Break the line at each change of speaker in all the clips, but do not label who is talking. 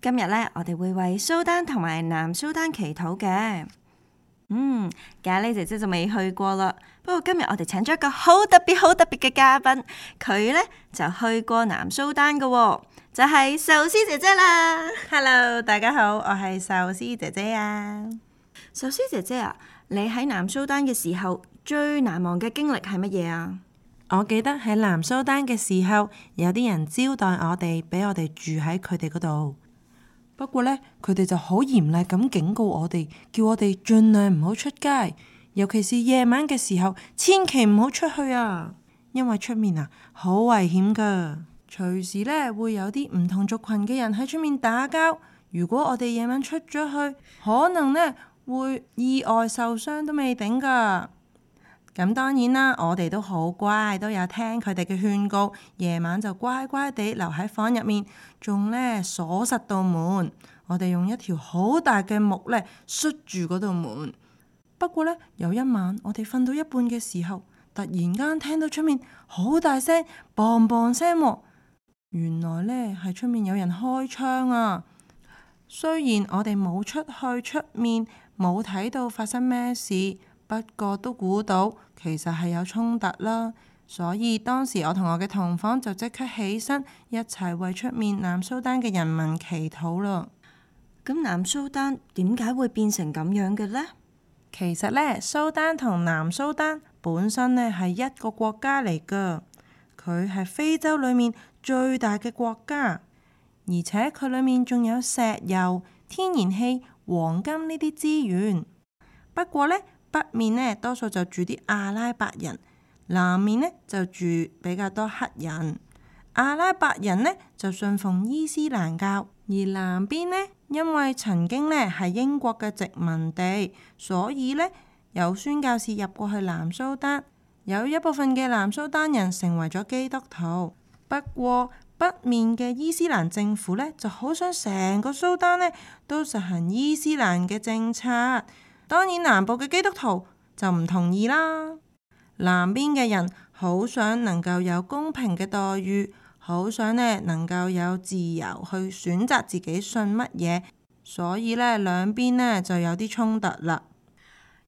今日咧，我哋會為蘇丹同埋南蘇丹祈禱嘅。嗯，咖喱姐姐就未去過啦。不過今日我哋請咗一個好特別、好特別嘅嘉賓，佢咧就去過南蘇丹嘅，哦，就係、是、壽司姐姐啦。Hello，大家好，我係壽司姐姐啊。壽司姐姐啊，你喺南蘇丹嘅時候最難忘嘅經歷係乜嘢啊？我記得喺
南蘇丹嘅時候，有啲人招待我哋，俾我哋住喺佢哋嗰度。不過咧，佢哋就好嚴厲咁警告我哋，叫我哋盡量唔好出街，尤其是夜晚嘅時候，千祈唔好出去啊！因為出面啊，好危險噶，隨時咧會有啲唔同族群嘅人喺出面打交。如果我哋夜晚出咗去，可能咧會意外受傷都未定噶。咁當然啦，我哋都好乖，都有聽佢哋嘅勸告，夜晚就乖乖地留喺房入面，仲咧鎖實道門。我哋用一條好大嘅木咧，栓住嗰道門。不過咧，有一晚我哋瞓到一半嘅時候，突然間聽到出面好大聲，bang bang 聲。原來咧係出面有人開窗啊。雖然我哋冇出去出面，冇睇到發生咩事，不過都估到其實係有衝突啦，所以當時我同我嘅同房就即刻起身一齊為出面南蘇丹嘅人民祈禱咯。咁南蘇丹點解會變成咁樣嘅呢？其實呢，蘇丹同南蘇丹本身呢係一個國家嚟㗎，佢係非洲裡面最大嘅國家，而且佢裡面仲有石油、天然氣、黃金呢啲資源。不過呢，北面呢，多數就住啲阿拉伯人，南面呢，就住比較多黑人。阿拉伯人呢，就信奉伊斯蘭教，而南邊呢，因為曾經呢係英國嘅殖民地，所以呢有宣教士入過去南蘇丹，有一部分嘅南蘇丹人成為咗基督徒。不過北面嘅伊斯蘭政府呢，就好想成個蘇丹呢都實行伊斯蘭嘅政策。當然，南部嘅基督徒就唔同意啦。南邊嘅人好想能夠有公平嘅待遇，好想呢能夠有自由去選擇自己信乜嘢，所以呢兩邊呢就有啲衝突啦。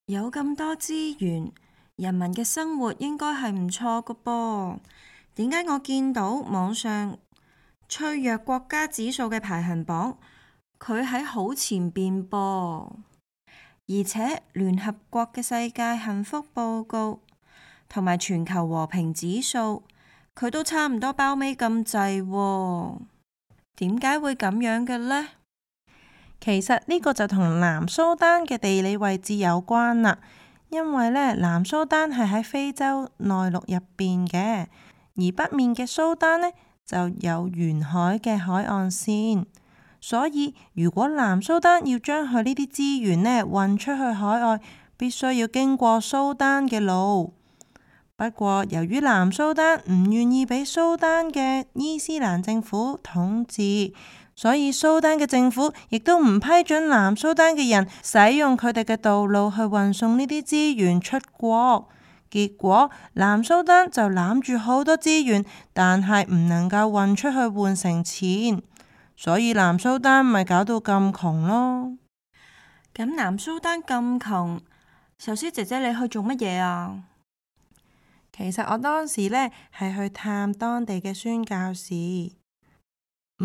有咁多資源，人民嘅生活應該係唔錯㗎噃。點解我見到網上脆弱國家指數嘅排行榜，佢喺好前邊噃？而且聯合國嘅世界幸福報告同埋全球和平指數，佢都差唔多包尾咁滯，點解會咁樣嘅
呢？其實呢個就同南蘇丹嘅地理位置有關啦，因為呢，南蘇丹係喺非洲內陸入邊嘅，而北面嘅蘇丹呢，就有沿海嘅海岸綫。所以，如果南蘇丹要將佢呢啲資源呢，運出去海外，必須要經過蘇丹嘅路。不過，由於南蘇丹唔願意俾蘇丹嘅伊斯蘭政府統治，所以蘇丹嘅政府亦都唔批准南蘇丹嘅人使用佢哋嘅道路去運送呢啲資源出國。結果，南蘇丹就攬住好多資源，但係唔能夠運出去換成錢。所以南蘇丹咪搞到咁窮咯？咁、嗯、南蘇丹咁窮，壽司姐姐你去做乜嘢啊？其實我當時呢係去探當地嘅宣教士，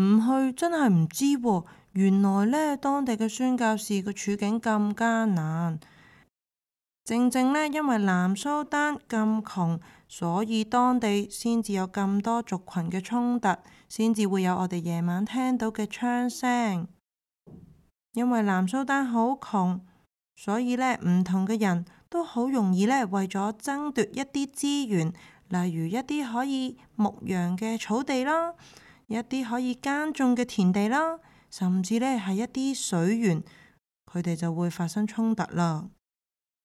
唔去真係唔知喎。原來呢當地嘅宣教士個處境咁艱難。正正呢，因為南蘇丹咁窮，所以當地先至有咁多族群嘅衝突，先至會有我哋夜晚聽到嘅槍聲。因為南蘇丹好窮，所以呢，唔同嘅人都好容易呢，為咗爭奪一啲資源，例如一啲可以牧羊嘅草地啦，一啲可以耕種嘅田地啦，甚至呢，係一啲水源，佢哋就會發生衝突啦。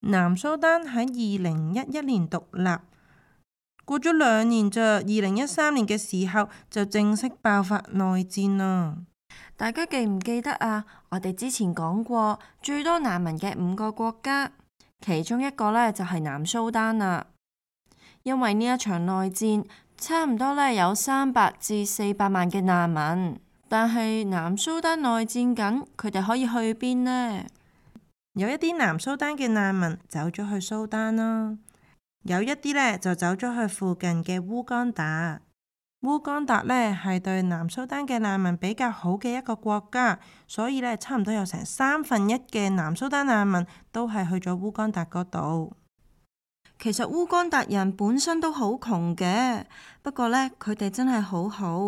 南蘇丹喺二零一一年獨立，過咗兩年，就二零一三年嘅時候就正式爆發內戰啦。大家記
唔記得啊？我哋之前講過最多難民嘅五個國家，其中一個呢，就係南蘇丹啦。因為呢一場內戰，差唔多呢，有三百至四百萬嘅難民，但係南蘇丹內戰緊，佢哋可以去邊呢？有一啲南蘇丹嘅難民
走咗去蘇丹啦，有一啲呢就走咗去附近嘅烏干達。烏干達呢係對南蘇丹嘅難民比較好嘅一個國家，所以呢差唔多有成三分一嘅南蘇丹難民都係去咗烏干達
嗰度。其實烏干達人本身都好窮嘅，不過呢，佢哋真係好好，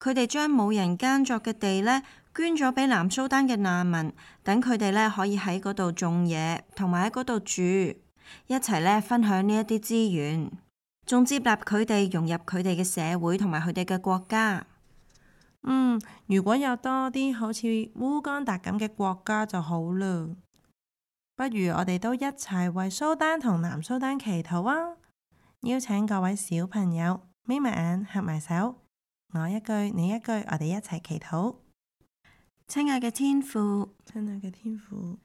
佢哋將冇人耕作嘅地呢。捐咗俾南蘇丹嘅難民，等佢哋呢可以喺嗰度種嘢，同埋喺嗰度住，一齊呢分享呢一啲資源，仲接納佢哋融入佢哋嘅社會同埋佢哋嘅國家。嗯，如果有多啲好
似烏干達咁嘅國家就好啦。不如我哋都一齊為蘇丹同南蘇丹祈禱啊！邀請各位小朋友眯埋眼、合埋手，我一句你一句，我哋一齊祈禱。
親愛嘅天父，親愛嘅天父，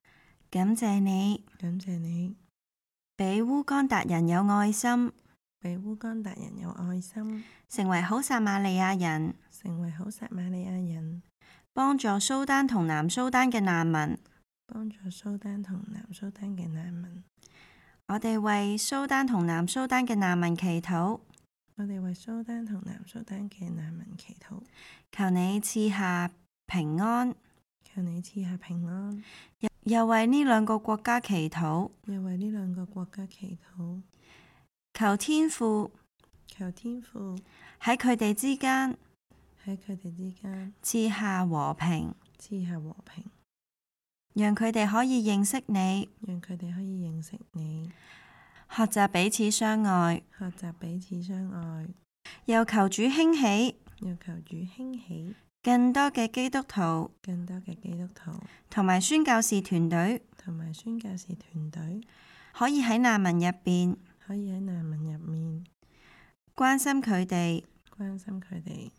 感謝你，感謝你，俾烏干達人有愛心，俾烏干達人有愛心，成為好撒瑪利亞人，成為好撒瑪利亞人，幫助蘇丹同南蘇丹嘅難民，幫助蘇丹同南蘇丹嘅難民，我哋為蘇丹同南蘇丹嘅難民祈禱，我哋為蘇丹同南蘇丹嘅難民祈禱，求你賜下。平安，求你賜下平安。又為呢兩個國家祈禱，又為呢兩個國家祈禱。求天父，求天父喺佢哋之間，喺佢哋之間賜下和平，賜下和平，讓佢哋可以認識你，讓佢哋可以認識你，學習彼此相愛，學習彼此相愛。又求主興起。
要求主興起
更多嘅基督徒，更多嘅基督徒，同埋宣教士團隊，同埋宣教士團隊，可以喺難民入邊，可以喺難民入面，關心佢哋，關心佢哋，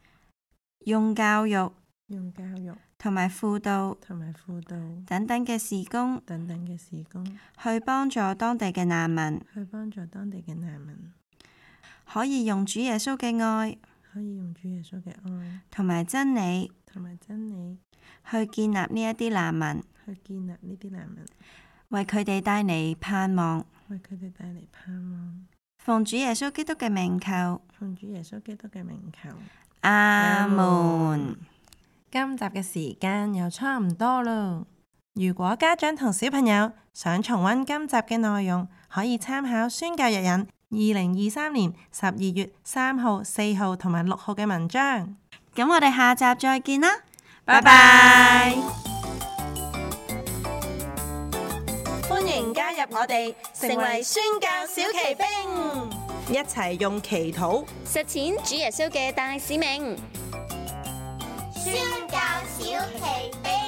用教育，用教育，同埋輔導，同埋輔導，等等嘅事工，等等嘅事工，去幫助當地嘅難民，去幫助當地嘅難民，可以用主耶穌嘅愛，可以用主耶穌嘅愛同埋真理，同埋真理去建立呢一啲難民，
去建立呢啲難民，
為佢哋帶嚟盼望，為佢哋帶嚟盼望。奉主耶穌基督嘅名求，奉主耶穌基督嘅名求。阿門。今集嘅時間
又差唔多咯。如果家長同小朋友想重温今集嘅內容，可以參考宣教日引。二零二三年十二月三號、四
號同埋六號嘅文章，咁我哋下集再見啦，拜拜！歡迎加入我哋，成為宣教小騎兵，
一齊用祈禱
實踐主耶穌嘅大使命。宣教小騎兵。